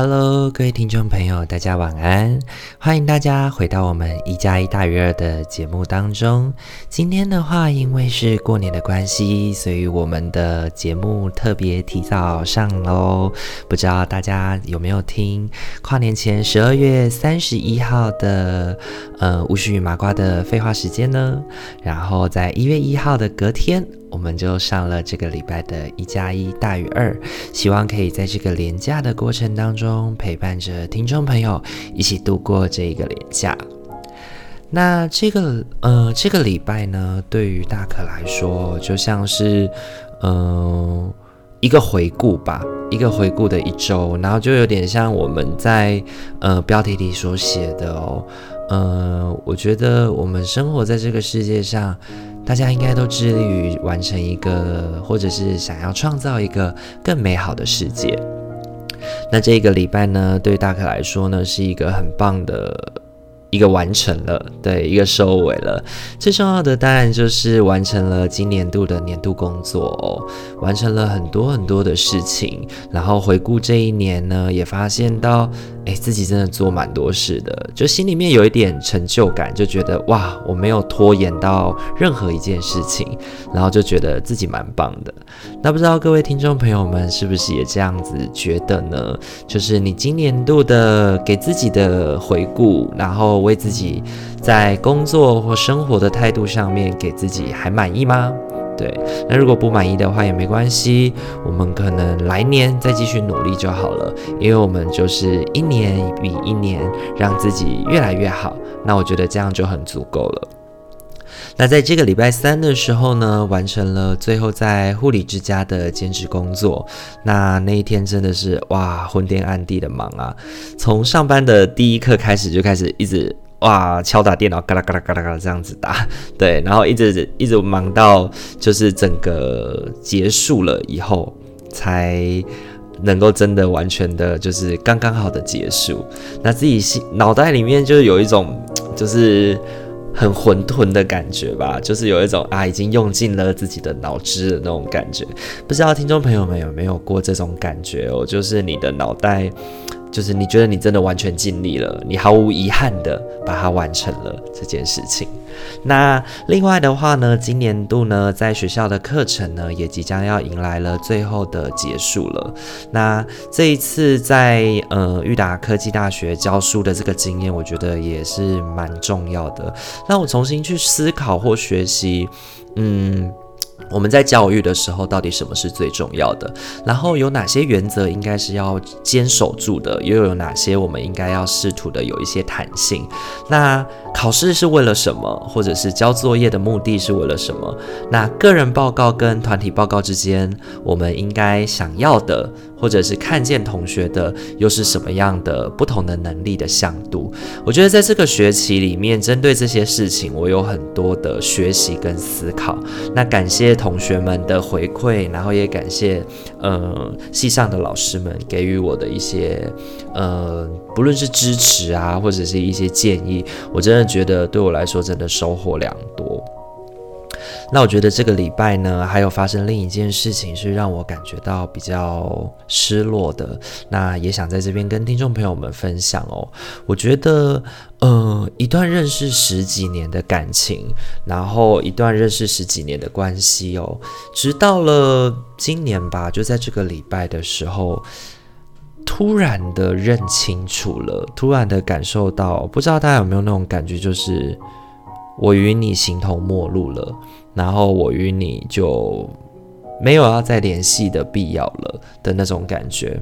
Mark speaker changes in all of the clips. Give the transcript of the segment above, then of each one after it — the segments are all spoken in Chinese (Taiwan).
Speaker 1: Hello，各位聽眾朋友，大家晚安！歡迎大家回到我們一加一大於二的節目當中。今天的話，因為是過年的關係，所以我們的節目特別提早上嘍。不知道大家有沒有聽跨年前十二月三十一號的呃巫師與麻瓜的廢話時間呢？然後在一月一號的隔天，我們就上了這個禮拜的“一加一大於二”，希望可以在這個連假的過程當中，陪伴着聽眾朋友一起度過這一個連假。那這個呃，這個禮拜呢，對於大可來說，就像是嗯、呃、一個回顧吧，一個回顧的一周，然後就有點像我們在呃標題裡所寫的哦，嗯、呃，我覺得我們生活在這個世界上。大家應該都致力於完成一個，或者是想要創造一個更美好的世界。那這個禮拜呢，對大可來說呢，是一個很棒的。一個完成了，對，一個收尾了。最重要的當然就是完成了今年度的年度工作哦，完成了很多很多的事情。然後回顧這一年呢，也發現到，哎，自己真的做蠻多事的，就心裡面有一點成就感，就覺得哇，我沒有拖延到任何一件事情，然後就覺得自己蠻棒的。那不知道各位聽眾朋友們是不是也這樣子覺得呢？就是你今年度的給自己的回顧，然後。我為自己在工作或生活的態度上面給自己還滿意嗎？對，那如果不滿意的話也沒關係，我們可能來年再繼續努力就好了，因為我們就是一年比一年讓自己越來越好，那我覺得這樣就很足夠了。那在這個禮拜三的時候呢，完成了最後在護理之家的兼職工作。那那一天真的是哇，昏天暗地的忙啊！從上班的第一刻開始，就開始一直哇敲打電腦，嘎啦嘎啦嘎啦嘎啦這樣子打，對，然後一直一直忙到就是整個結束了以後，才能夠真的完全的，就是剛剛好的結束。那自己心腦袋裡面就是有一種就是。很混沌的感覺吧，就是有一種啊，已經用盡了自己的腦汁的那種感覺。不知道聽眾朋友們有沒有過這種感覺哦，就是你的腦袋。就是你覺得你真的完全盡力了，你毫無遺憾地把它完成了這件事情。那另外的話呢，今年度呢，在學校的課程呢，也即將要迎來了最後的結束了。那這一次在呃，育達科技大學教書的這個經驗，我覺得也是蠻重要的，讓我重新去思考或學習，嗯。我們在教育的時候，到底什麼是最重要的？然後有哪些原則應該是要堅守住的？又有哪些我們應該要試圖的有一些彈性？那考試是為了什麼？或者是交作業的目的是為了什麼？那個人報告跟團體報告之間，我們應該想要的？或者是看見同學的又是什麼樣的不同的能力的向度？我覺得在這個學期裡面，針對這些事情，我有很多的學習跟思考。那感謝同學們的回饋，然後也感謝呃系上的老師們給予我的一些呃不論是支持啊，或者是一些建議，我真的覺得對我來說真的收穫良多。那我覺得這個禮拜呢，還有發生另一件事情，是讓我感覺到比較失落的。那也想在這邊跟聽眾朋友們分享哦。我覺得，呃，一段認識十幾年的感情，然後一段認識十幾年的關係哦，直到了今年吧，就在這個禮拜的時候，突然的認清楚了，突然的感受到，不知道大家有沒有那種感覺，就是我與你形同陌路了。然後我與你就沒有要再聯繫的必要了的那種感覺。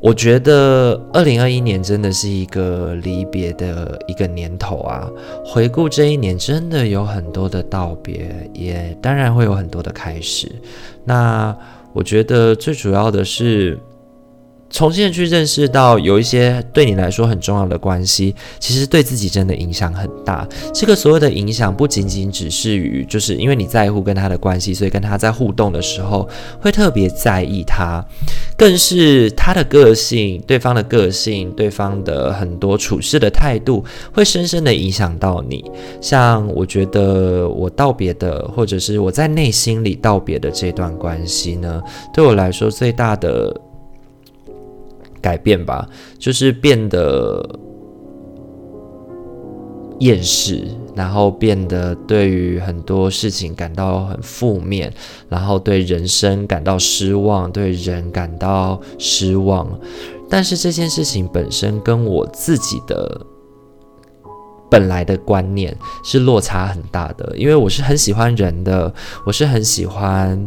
Speaker 1: 我覺得2021年真的是一個離別的一個年頭啊！回顧這一年，真的有很多的道別，也當然會有很多的開始。那我覺得最主要的是重新的去認識到，有一些對你來說很重要的關係，其實對自己真的影響很大。這個所有的影響，不僅僅只是於，就是因為你在乎跟他的關係，所以跟他在互動的時候會特別在意他，更是他的個性、對方的個性、對方的很多處事的態度，會深深的影響到你。像我覺得我道別的，或者是我在內心裡道別的這段關係呢，對我來說最大的。改變吧，就是變得厭世，然後變得對於很多事情感到很負面，然後對人生感到失望，對人感到失望。但是這件事情本身跟我自己的本來的觀念是落差很大的，因為我是很喜歡人的，我是很喜歡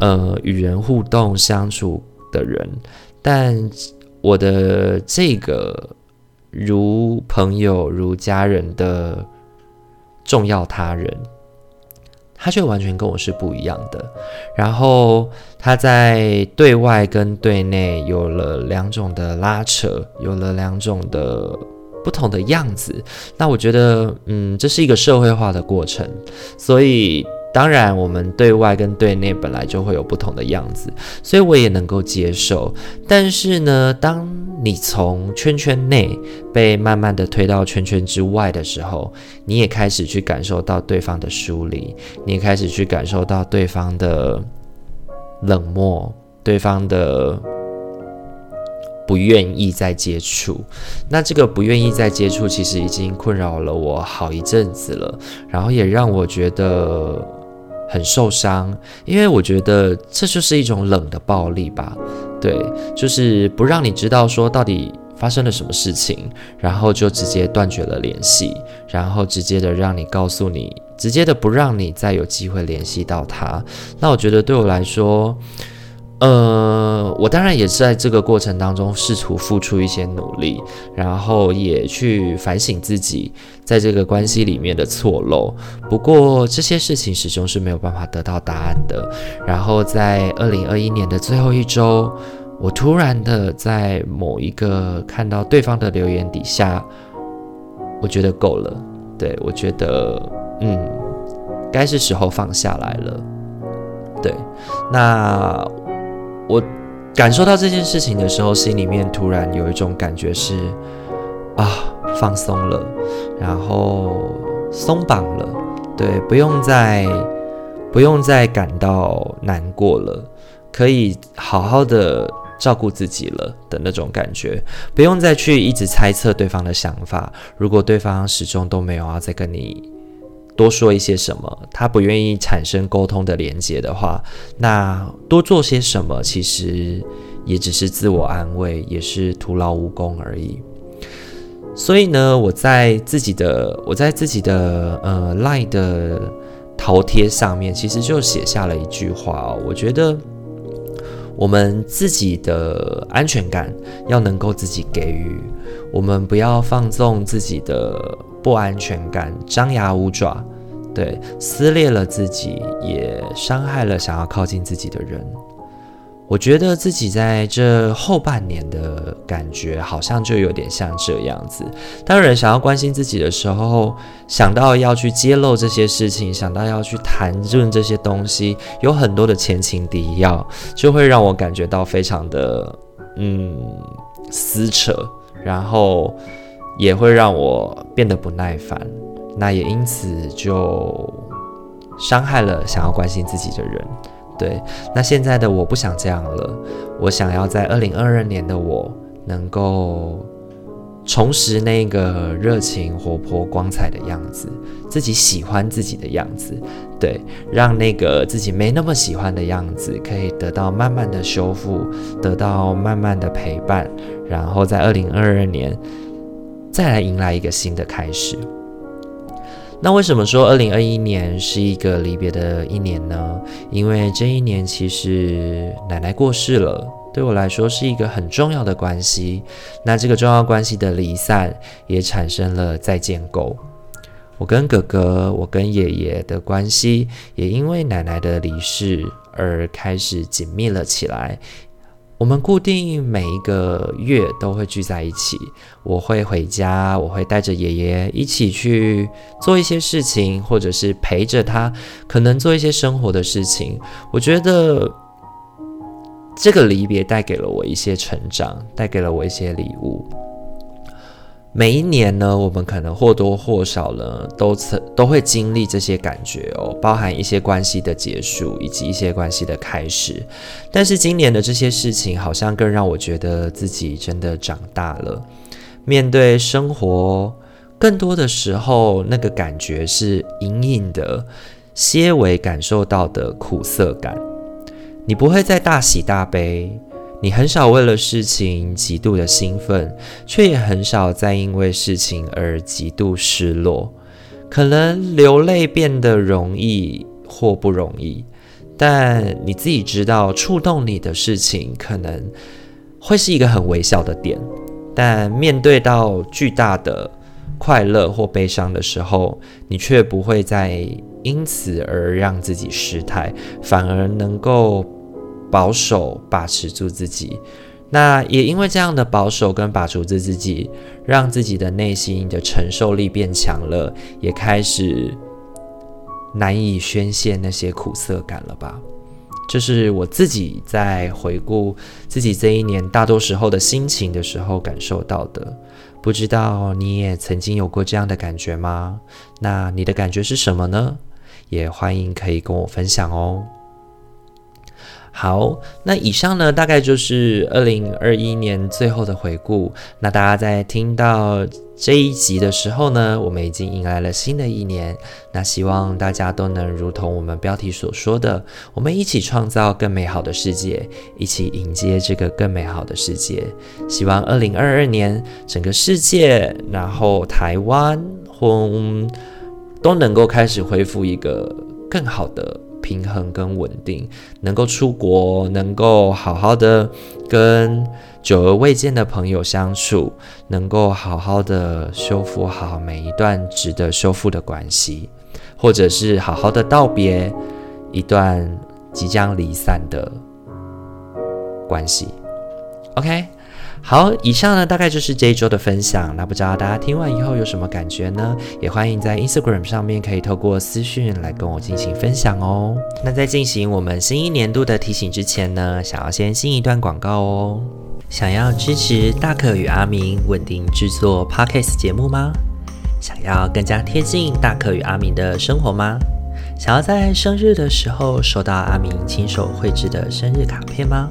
Speaker 1: 呃與人互動相處的人，但。我的這個如朋友如家人的重要他人，他卻完全跟我是不一樣的。然後他在對外跟對內有了兩種的拉扯，有了兩種的不同的樣子。那我覺得，嗯，這是一個社會化的過程，所以。當然，我們對外跟對內本來就會有不同的樣子，所以我也能夠接受。但是呢，當你從圈圈內被慢慢的推到圈圈之外的時候，你也開始去感受到對方的疏離，你也開始去感受到對方的冷漠，對方的不願意再接觸。那這個不願意再接觸，其實已經困擾了我好一陣子了，然後也讓我覺得。很受傷，因為我覺得這就是一種冷的暴力吧，對，就是不讓你知道說到底發生了什麼事情，然後就直接斷絕了聯繫，然後直接的讓你告訴你，直接的不讓你再有機會聯繫到他。那我覺得對我來說。呃，我當然也是在這個過程當中試圖付出一些努力，然後也去反省自己在這個關係裡面的錯漏。不過這些事情始終是沒有辦法得到答案的。然後在二零二一年的最後一周，我突然的在某一個看到對方的留言底下，我覺得夠了，對，我覺得，嗯，該是時候放下來了。對，那。我感受到這件事情的時候，心裡面突然有一種感覺是啊，放鬆了，然後鬆綁了，對，不用再不用再感到難過了，可以好好的照顧自己了的那種感覺，不用再去一直猜測對方的想法。如果對方始終都沒有要再跟你。多說一些什麼，他不願意產生溝通的連接的話，那多做些什麼，其實也只是自我安慰，也是徒勞無功而已。所以呢，我在自己的我在自己的呃 Line 的頭貼上面，其實就寫下了一句話哦，我覺得我們自己的安全感要能夠自己給予，我們不要放縱自己的。不安全感，張牙舞爪，對，撕裂了自己，也傷害了想要靠近自己的人。我覺得自己在這後半年的感覺，好像就有點像這樣子。當人想要關心自己的時候，想到要去揭露這些事情，想到要去談論這些東西，有很多的前情提要，就會讓我感覺到非常的，嗯，撕扯，然後。也會讓我變得不耐煩，那也因此就傷害了想要關心自己的人。對，那現在的我不想這樣了，我想要在二零二二年的我能夠重拾那個熱情、活潑、光彩的樣子，自己喜歡自己的樣子。對，讓那個自己沒那麼喜歡的樣子可以得到慢慢的修復，得到慢慢的陪伴，然後在二零二二年。再來迎來一個新的開始。那為什麼說二零二一年是一個離別的一年呢？因為這一年其實奶奶過世了，對我來說是一個很重要的關係。那這個重要關係的離散，也產生了再建構。我跟哥哥，我跟爺爺的關係，也因為奶奶的離世而開始緊密了起來。我們固定每一個月都會聚在一起。我會回家，我會帶着爺爺一起去做一些事情，或者是陪着他，可能做一些生活的事情。我覺得這個離別帶給了我一些成長，帶給了我一些禮物。每一年呢，我們可能或多或少呢，都曾都會經歷這些感覺哦，包含一些關係的結束以及一些關係的開始。但是今年的這些事情，好像更讓我覺得自己真的長大了。面對生活，更多的時候，那個感覺是隱隱的、些微感受到的苦澀感。你不會再大喜大悲。你很少為了事情極度的興奮，卻也很少再因為事情而極度失落。可能流淚變得容易或不容易，但你自己知道，觸動你的事情可能會是一個很微小的點，但面對到巨大的快樂或悲傷的時候，你卻不會再因此而讓自己失態，反而能夠，保守把持住自己，那也因為這樣的保守跟把持住自己，讓自己的內心的承受力變強了，也開始難以宣洩那些苦澀感了吧？這就是我自己在回顧自己這一年大多時候的心情的時候感受到的。不知道你也曾經有過這樣的感覺嗎？那你的感覺是什麼呢？也歡迎可以跟我分享哦。好，那以上呢，大概就是二零二一年最後的回顧。那大家在聽到這一集的時候呢，我們已經迎來了新的一年。那希望大家都能如同我們標題所說的，我們一起創造更美好的世界，一起迎接這個更美好的世界。希望二零二二年整個世界，然後台灣，都能夠開始恢復一個更好的。平衡跟穩定，能夠出國，能夠好好的跟久而未見的朋友相處，能夠好好的修復好每一段值得修復的關係，或者是好好的道別一段即將離散的關係。OK。好，以上呢，大概就是這一周的分享。那不知道大家聽完以後有什麼感覺呢？也歡迎在 Instagram 上面可以透過私訊來跟我進行分享哦。那在進行我們新一年度的提醒之前呢，想要先進一段廣告哦。想要支持大可與阿明穩定制作 Podcast 節目嗎？想要更加貼近大可與阿明的生活嗎？想要在生日的時候收到阿明親手繪制的生日卡片嗎？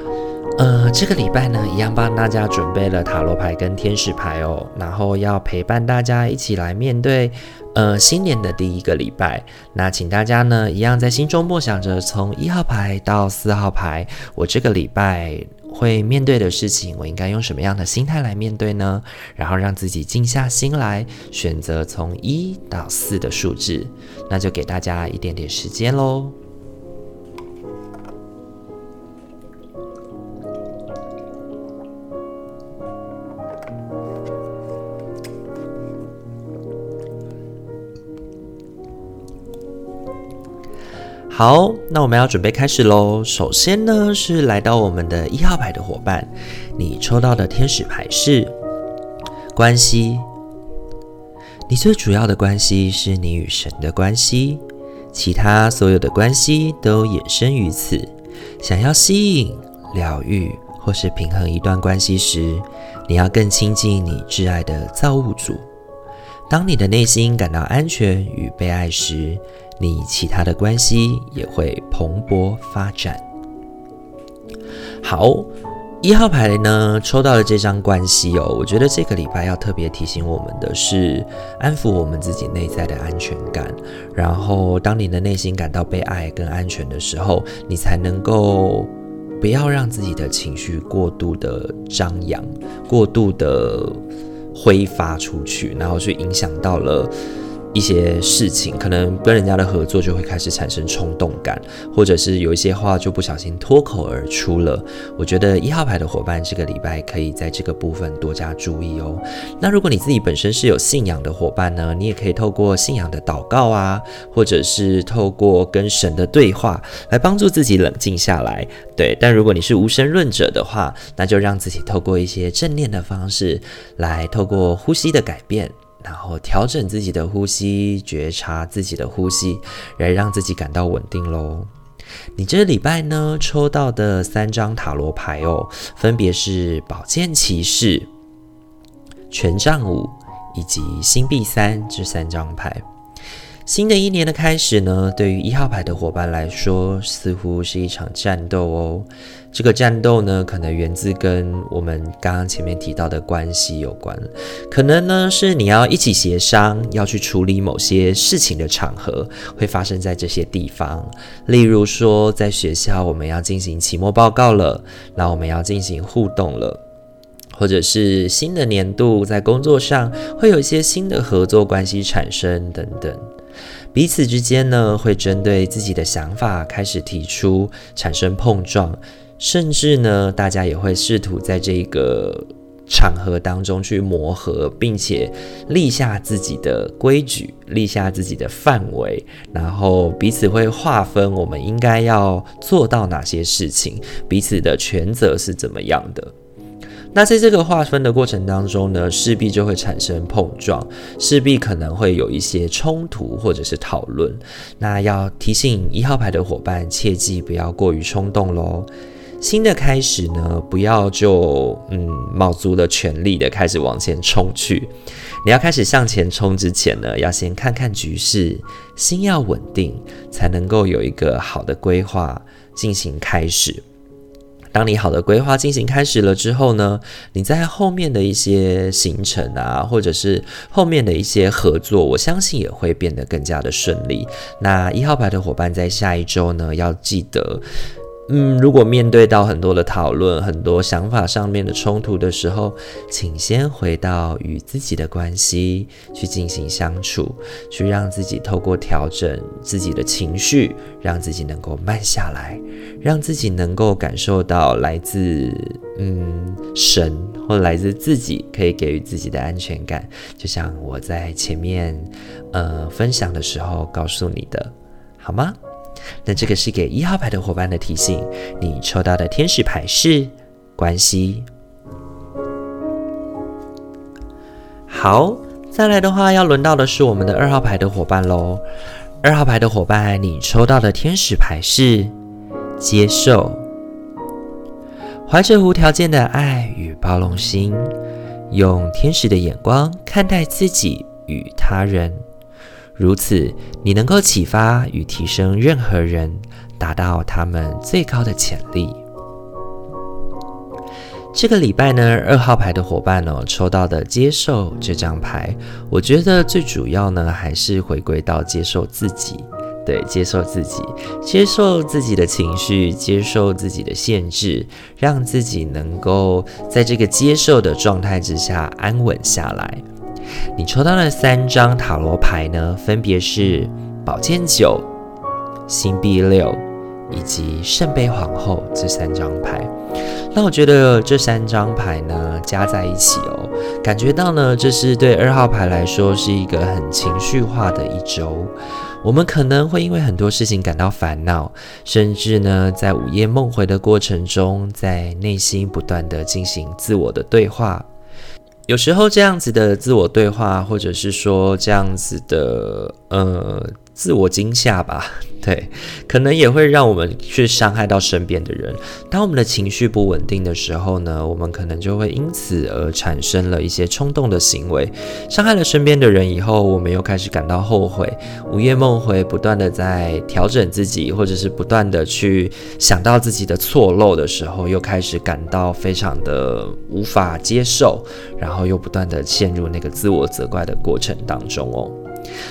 Speaker 1: 呃，這個禮拜呢，一樣幫大家準備了塔羅牌跟天使牌哦，然後要陪伴大家一起來面對，呃，新年的第一個禮拜。那請大家呢，一樣在心中默想着，從一號牌到四號牌，我這個禮拜會面對的事情，我應該用什麼樣的心態來面對呢？然後讓自己靜下心來，選擇從一到四的數字。那就給大家一點點時間嘍。好，那我們要準備開始嘍。首先呢，是來到我們的一號牌的夥伴，你抽到的天使牌是關係。你最主要的關係是你與神的關係，其他所有的關係都衍生於此。想要吸引、療癒或是平衡一段關係時，你要更親近你摯愛的造物主。當你的內心感到安全與被愛時，你其他的關係也會蓬勃發展。好，一號牌呢，抽到了這張關係哦，我覺得這個禮拜要特別提醒我們的是，安撫我們自己內在的安全感。然後，當你的內心感到被愛跟安全的時候，你才能夠不要讓自己的情緒過度的張揚、過度的揮發出去，然後去影響到了。一些事情可能跟人家的合作就會開始產生衝動感，或者是有一些話就不小心脫口而出了。我覺得一號牌的夥伴這個禮拜可以在這個部分多加注意哦。那如果你自己本身是有信仰的夥伴呢，你也可以透過信仰的禱告啊，或者是透過跟神的對話來幫助自己冷靜下來。對，但如果你是無神論者的話，那就讓自己透過一些正念的方式來，透過呼吸的改變。然後調整自己的呼吸，覺察自己的呼吸，來讓自己感到穩定嘍。你這禮拜呢，抽到的三張塔羅牌哦，分別是寶劍騎士、權杖五以及星幣三這三張牌。新的一年的開始呢，對於一號牌的夥伴來說，似乎是一場戰鬥哦。這個戰鬥呢，可能源自跟我們剛剛前面提到的關係有關，可能呢是你要一起協商，要去處理某些事情的場合，會發生在這些地方。例如說，在學校我們要進行期末報告了，那我們要進行互動了，或者是新的年度在工作上會有一些新的合作關係產生等等。彼此之間呢，會針對自己的想法開始提出，產生碰撞，甚至呢，大家也會試圖在這個場合當中去磨合，並且立下自己的規矩，立下自己的範圍，然後彼此會劃分我們應該要做到哪些事情，彼此的權責是怎麼樣的。那在這個劃分的過程當中呢，勢必就會產生碰撞，勢必可能會有一些衝突或者是討論。那要提醒一號牌的夥伴，切記不要過於衝動嘍。新的開始呢，不要就嗯，卯足了全力的開始往前衝去。你要開始向前衝之前呢，要先看看局勢，心要穩定，才能夠有一個好的規劃進行開始。當你好的規劃進行開始了之後呢，你在後面的一些行程啊，或者是後面的一些合作，我相信也會變得更加的順利。那一號牌的夥伴在下一周呢，要記得。嗯，如果面對到很多的討論、很多想法上面的衝突的時候，請先回到與自己的關係去進行相處，去讓自己透過調整自己的情緒，讓自己能夠慢下來，讓自己能夠感受到來自嗯神或來自自己可以給予自己的安全感，就像我在前面呃分享的時候告訴你的，好嗎？那這個是給一號牌的夥伴的提醒，你抽到的天使牌是關心。好，再來的話要輪到的是我們的二號牌的夥伴嘍。二號牌的夥伴，你抽到的天使牌是接受，懷着無條件的愛與包容心，用天使的眼光看待自己與他人。如此，你能夠啟發與提升任何人，達到他們最高的潛力。這個禮拜呢，二號牌的夥伴呢、哦，抽到的接受這張牌，我覺得最主要呢，還是回歸到接受自己，對，接受自己，接受自己的情緒，接受自己的限制，讓自己能夠在這個接受的狀態之下安穩下來。你抽到的三張塔羅牌呢，分別是寶劍九、星幣六以及聖杯皇後這三張牌。那我覺得這三張牌呢，加在一起哦，感覺到呢，這是對二號牌來說是一個很情緒化的一週。我們可能會因為很多事情感到煩惱，甚至呢，在午夜夢回的過程中，在內心不斷地進行自我的對話。有時候這樣子的自我對話，或者是說這樣子的，呃、自我驚嚇吧，對，可能也會讓我們去傷害到身邊的人。當我們的情緒不穩定的時候呢，我們可能就會因此而產生了一些衝動的行為，傷害了身邊的人以後，我們又開始感到後悔，午夜夢回，不斷的在調整自己，或者是不斷的去想到自己的錯漏的時候，又開始感到非常的無法接受，然後又不斷的陷入那個自我責怪的過程當中哦。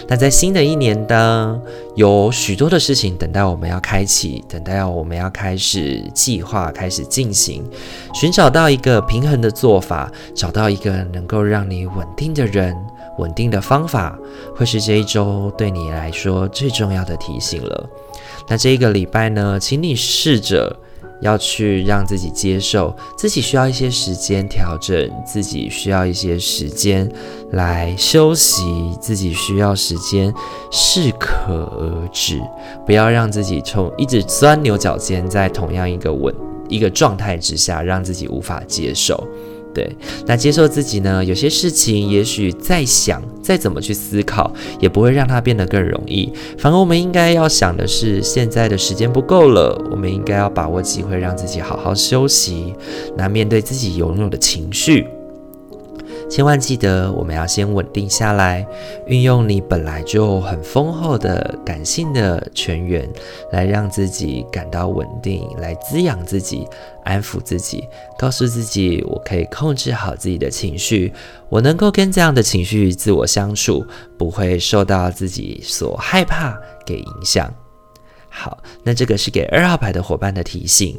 Speaker 1: 那在新的一年當有許多的事情等待我們要開啟，等待要我們要開始計劃，開始進行，尋找到一個平衡的做法，找到一個能夠讓你穩定的人、穩定的方法，會是這一周對你來說最重要的提醒了。那這一個禮拜呢，請你試着。要去讓自己接受，自己需要一些時間調整，自己需要一些時間來休息，自己需要時間適可而止，不要讓自己從一直鑽牛角尖，在同樣一個穩一個狀態之下，讓自己無法接受。對，那接受自己呢？有些事情也許再想，再怎麼去思考，也不會讓它變得更容易。反而，我們應該要想的是，現在的時間不夠了，我們應該要把握機會，讓自己好好休息。那面對自己擁有的情緒。千萬記得，我們要先穩定下來，運用你本來就很豐厚的感性的泉源，來讓自己感到穩定，來滋養自己，安撫自己，告訴自己，我可以控制好自己的情緒，我能夠跟這樣的情緒自我相處，不會受到自己所害怕給影響。好，那這個是給二號牌的夥伴的提醒，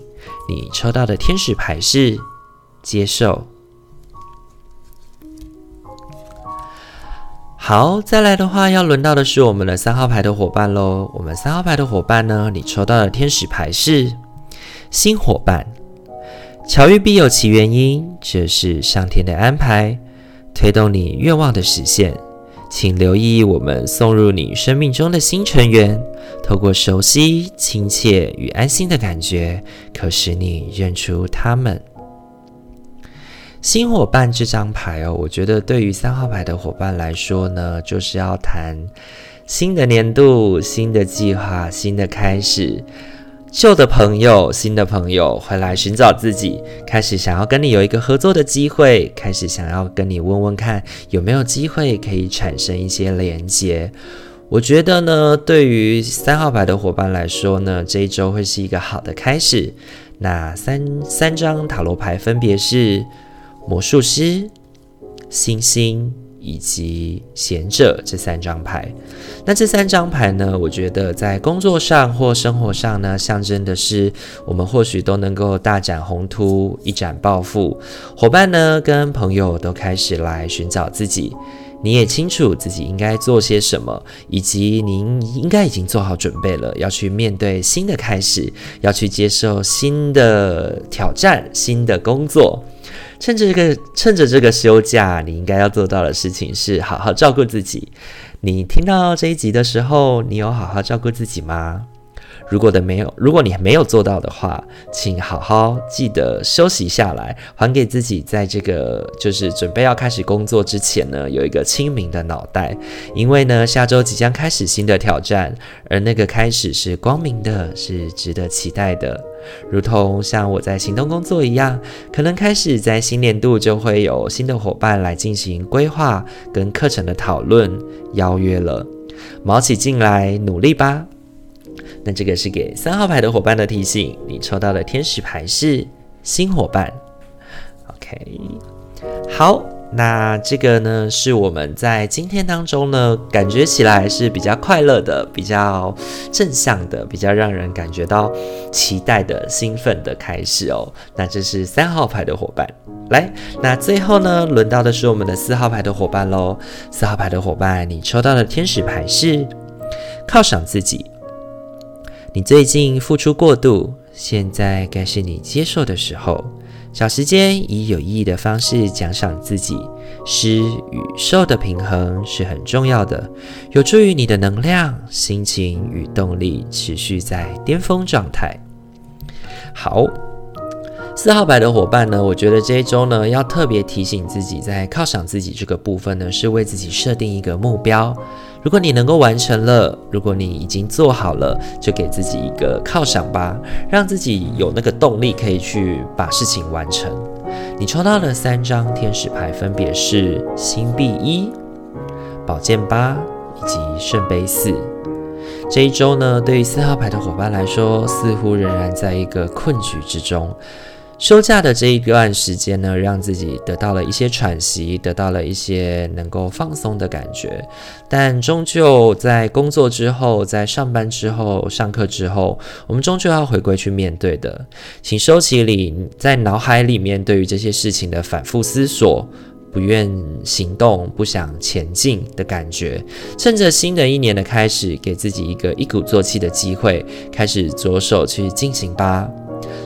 Speaker 1: 你抽到的天使牌是接受。好，再來的話，要輪到的是我們的三號牌的夥伴嘍。我們三號牌的夥伴呢，你抽到的天使牌是新夥伴，巧遇必有其原因，這是上天的安排，推動你願望的實現。請留意我們送入你生命中的新成員，透過熟悉、親切與安心的感覺，可使你認出他們。新夥伴這張牌哦，我覺得對於三號牌的夥伴來說呢，就是要談新的年度、新的計劃、新的開始。舊的朋友、新的朋友會來尋找自己，開始想要跟你有一個合作的機會，開始想要跟你問問看有沒有機會可以產生一些連接。我覺得呢，對於三號牌的夥伴來說呢，這一週會是一個好的開始。那三三張塔羅牌分別是，魔術師、星星以及賢者這三張牌，那這三張牌呢，我覺得在工作上或生活上呢，象徵的是我們或許都能夠大展宏圖、一展抱負。夥伴呢，跟朋友都開始來尋找自己。你也清楚自己應該做些什麼，以及您應該已經做好準備了，要去面對新的開始，要去接受新的挑戰、新的工作。趁着這個，趁着這個休假，你應該要做到的事情是好好照顧自己。你聽到這一集的時候，你有好好照顧自己嗎？如果的沒有，如果你還沒有做到的話，請好好記得休息下來，還給自己在這個就是準備要開始工作之前呢，有一個清明的腦袋。因為呢，下周即將開始新的挑戰，而那個開始是光明的，是值得期待的。如同像我在行動工作一樣，可能開始在新年度就會有新的夥伴來進行規劃跟課程的討論邀約了，卯起勁來努力吧。那這個是給三號牌的夥伴的提醒，你抽到的天使牌是新夥伴。OK，好。那這個呢，是我們在今天當中呢，感覺起來是比較快樂的，比較正向的，比較讓人感覺到期待的、興奮的開始哦。那這是三號牌的夥伴，來，那最後呢，輪到的是我們的四號牌的夥伴嘍。四號牌的夥伴，你抽到的天使牌是犒賞自己，你最近付出過度，現在該是你接受的時候。找時間以有意義的方式獎賞自己，施與受的平衡是很重要的，有助於你的能量、心情與動力持續在巔峰狀態。好。四號牌的夥伴呢，我覺得這一周呢，要特別提醒自己，在犒賞自己這個部分呢，是為自己設定一個目標。如果你能夠完成了，如果你已經做好了，就給自己一個犒賞吧，讓自己有那個動力可以去把事情完成。你抽到了三張天使牌，分別是星幣一、寶劍八以及聖杯四。這一周呢，對於四號牌的夥伴來說，似乎仍然在一個困局之中。休假的這一段時間呢，讓自己得到了一些喘息，得到了一些能夠放鬆的感覺。但終究在工作之後，在上班之後，上課之後，我們終究要回歸去面對的。請收起你在腦海裡面對於這些事情的反覆思索，不願行動，不想前進的感覺。趁着新的一年的開始，給自己一個一鼓作氣的機會，開始着手去進行吧。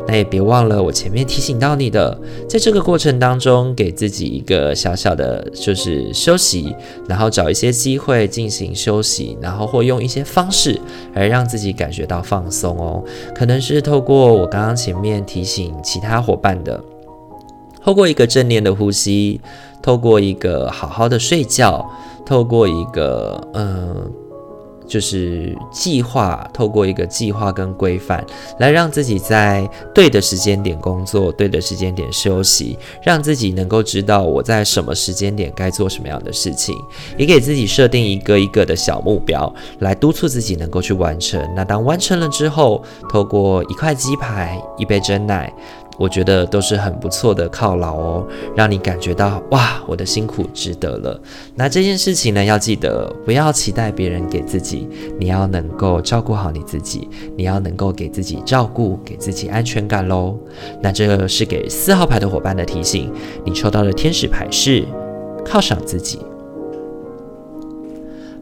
Speaker 1: 那也別忘了我前面提醒到你的，在這個過程當中，給自己一個小小的，就是休息，然後找一些機會進行休息，然後或用一些方式來讓自己感覺到放鬆哦。可能是透過我剛剛前面提醒其他夥伴的，透過一個正念的呼吸，透過一個好好的睡覺，透過一個嗯、呃。就是計劃，透過一個計劃跟規範，來讓自己在對的時間點工作，對的時間點休息，讓自己能夠知道我在什麼時間點該做什麼樣的事情，也給自己設定一個一個的小目標，來督促自己能夠去完成。那當完成了之後，透過一塊雞排，一杯珍奶。我覺得都是很不錯的犒勞哦，讓你感覺到哇，我的辛苦值得了。那這件事情呢，要記得不要期待別人給自己，你要能夠照顧好你自己，你要能夠給自己照顧，給自己安全感嘍。那這是給四號牌的夥伴的提醒，你抽到的天使牌是犒賞自己。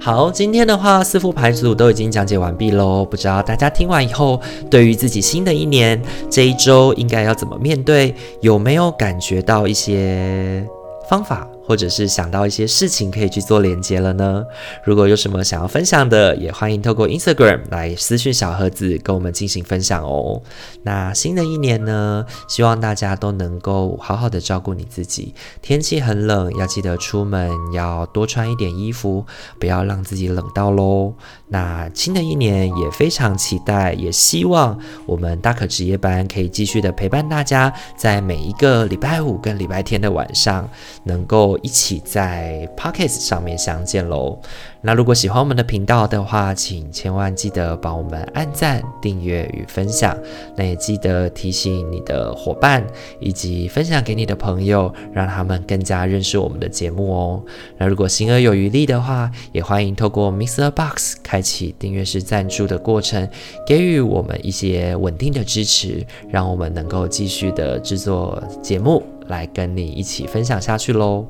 Speaker 1: 好，今天的話，四副牌組都已經講解完畢嘍。不知道大家聽完以後，對於自己新的一年，這一周應該要怎麼面對，有沒有感覺到一些方法，或者是想到一些事情可以去做連結了呢？如果有什麼想要分享的，也歡迎透過 Instagram 來私訊小盒子跟我們進行分享哦。那新的一年呢，希望大家都能夠好好的照顧你自己。天氣很冷，要記得出門要多穿一點衣服，不要讓自己冷到嘍。那新的一年也非常期待，也希望我們大可值夜班可以繼續的陪伴大家，在每一個禮拜五跟禮拜天的晚上能夠。一起在 Pockets 上面相見嘍！那如果喜歡我們的頻道的話，請千萬記得幫我們按讚、訂閱與分享。那也記得提醒你的夥伴，以及分享給你的朋友，讓他們更加認識我們的節目哦。那如果行而有餘力的話，也歡迎透過 Mixer Box 開啟訂閱式贊助的過程，給予我們一些穩定的支持，讓我們能夠繼續的制作節目，來跟你一起分享下去嘍。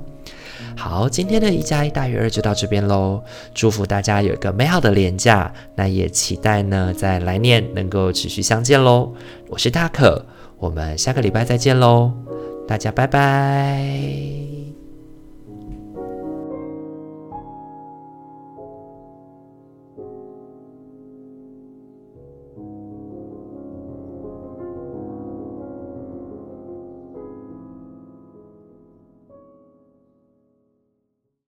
Speaker 1: 好，今天的一加一大於二就到這邊嘍。祝福大家有一個美好的年假，那也期待呢，在來年能夠持續相見嘍。我是大可，我們下個禮拜再見嘍，大家拜拜。